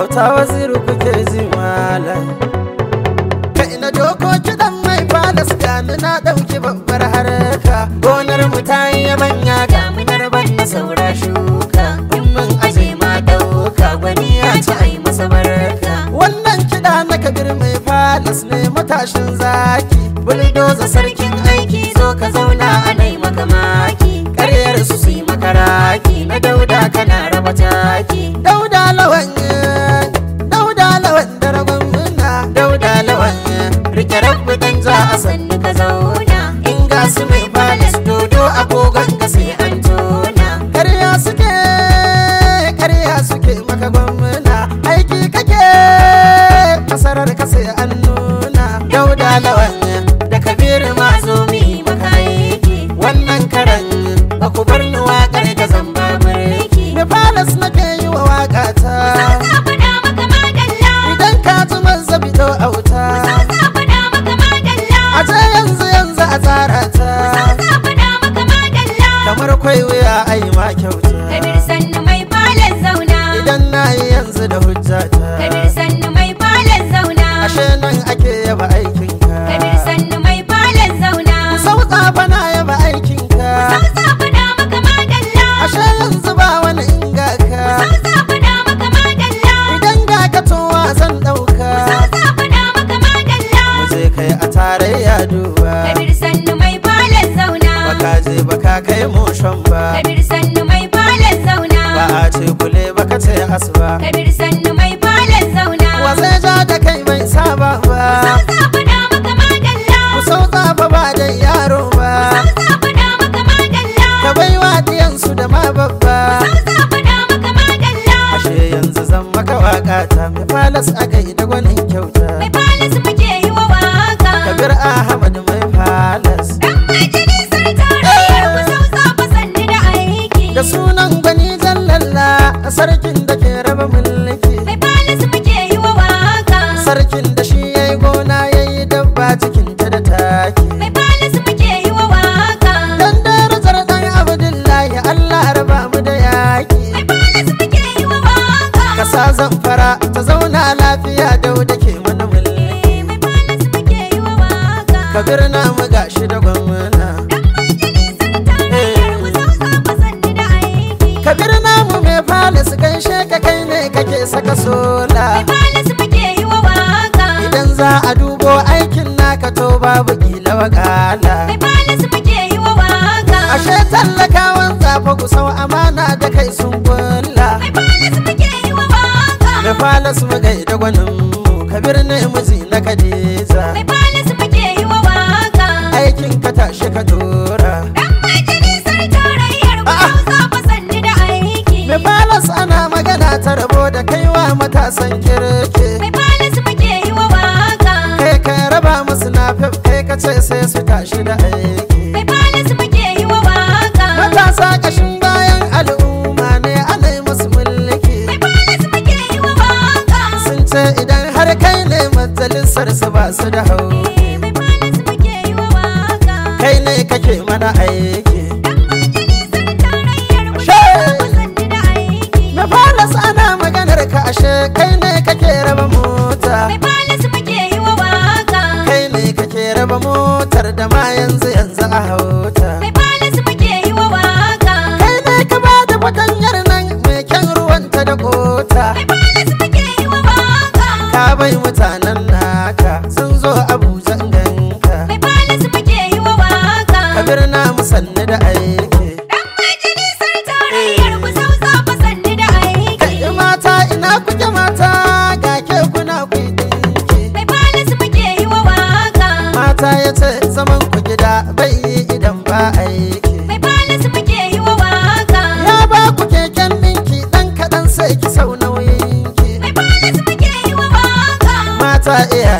hauta waziru kuke ji malam ta ina doko mai falas gani na ɗauki babbar haraka gonar mu ta yi manya ga munar ban na saura shuka in mun aje ma ɗauka Wani ya ci ai masa baraka wannan kiɗa na kabir mai falas ne matashin zaki buldoza sarkin aiki zo ka zauna a nai maka maki karyar su su yi makaraki na dauda ka rabbi dan za a sannu ka zauna in ga su mai balas dodo a kogon ka sai and zan fara ta zauna lafiya da wuda ke mana mulki eh, Ka birna mu gashi da gwamnati. kabir na mu mai falis gaishe ka kai ne kake saka sola mu gaida gwanin mu Kabir ne miji na kadiza Mai Salisu muke yi wa waka Aikin ka tashi ka dora Dan za da aiki Mai ana magana ta rabo da kaiwa matasan kirki Mai Salisu muke yi wa waka Kai ka raba musu na ka ce sai su tashi da aiki ashe kai ne ba aiki mai balis muke yi wa waka ya ba ku keken ɗinki ɗan kaɗan sai ki sau nauyin mai balis muke yi wa waka mata iya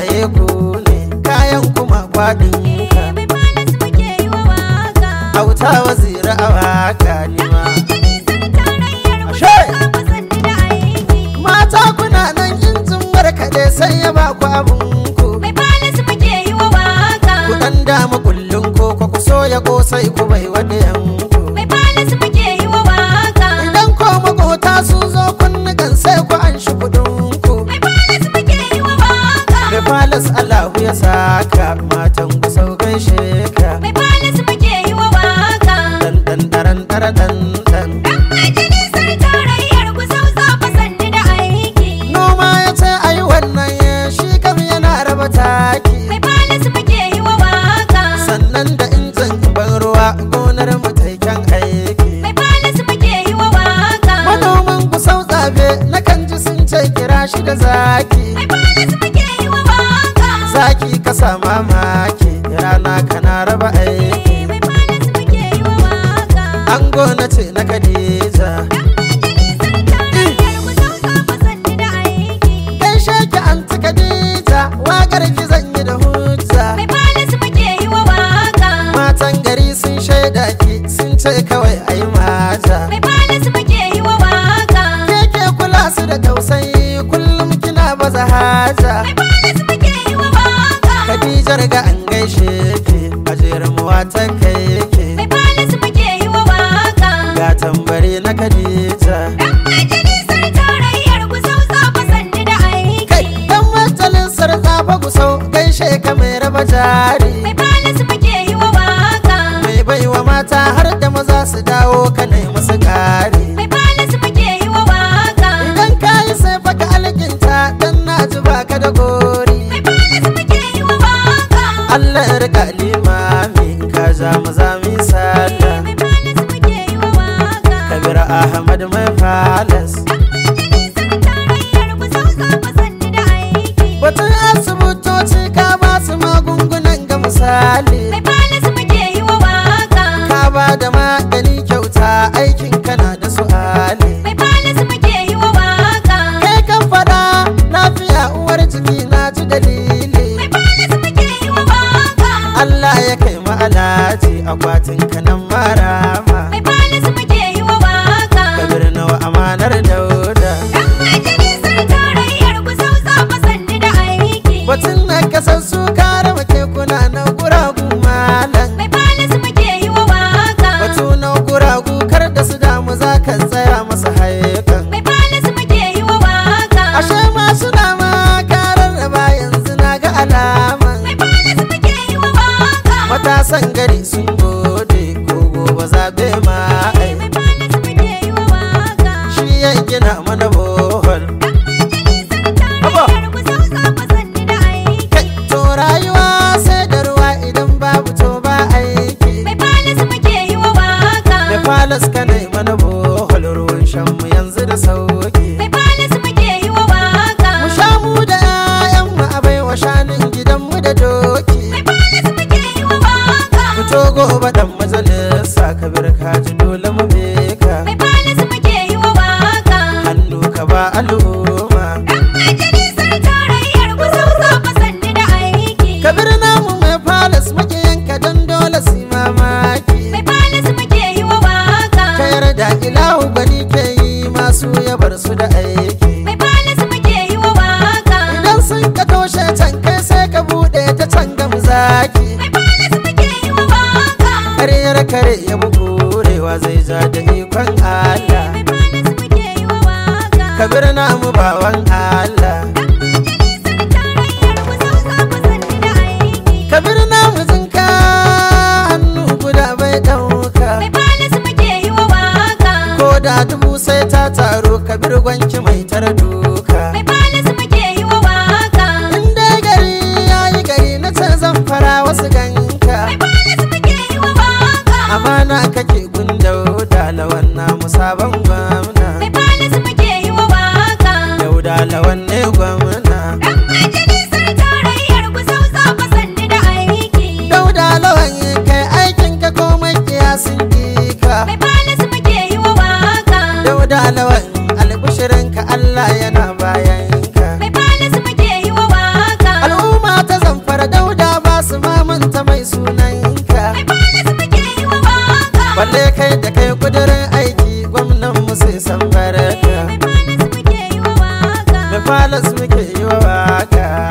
da zaki zaki ka sa mamaki rana kana raba aiki eh, an gona ce na kadija ɗan shaki an ci kadija wakar ki zan yi da hujja matan gari sun shaida ki sun ce kawai ai maja zama jari mai palace muke yi wa waka mai baiwa mata har da maza su dawo ka yi musu kare mai palace muke yi wa waka idan kai sai baka alkinta dan na ji baka da gori mai palace muke yi wa waka Allah ya rika limami ka ja maza mi sallah mai palace muke yi wa waka Kabir Ahmad mai palace sale mai falis muke yi wa waka Ka ba da amana kake gundau da lawan na sabon gwamna mai falis muke yi wa waka yau da lawan ne gwamna dan ka ka mai falis muke yi waka yau lawan alas muke yi wa waka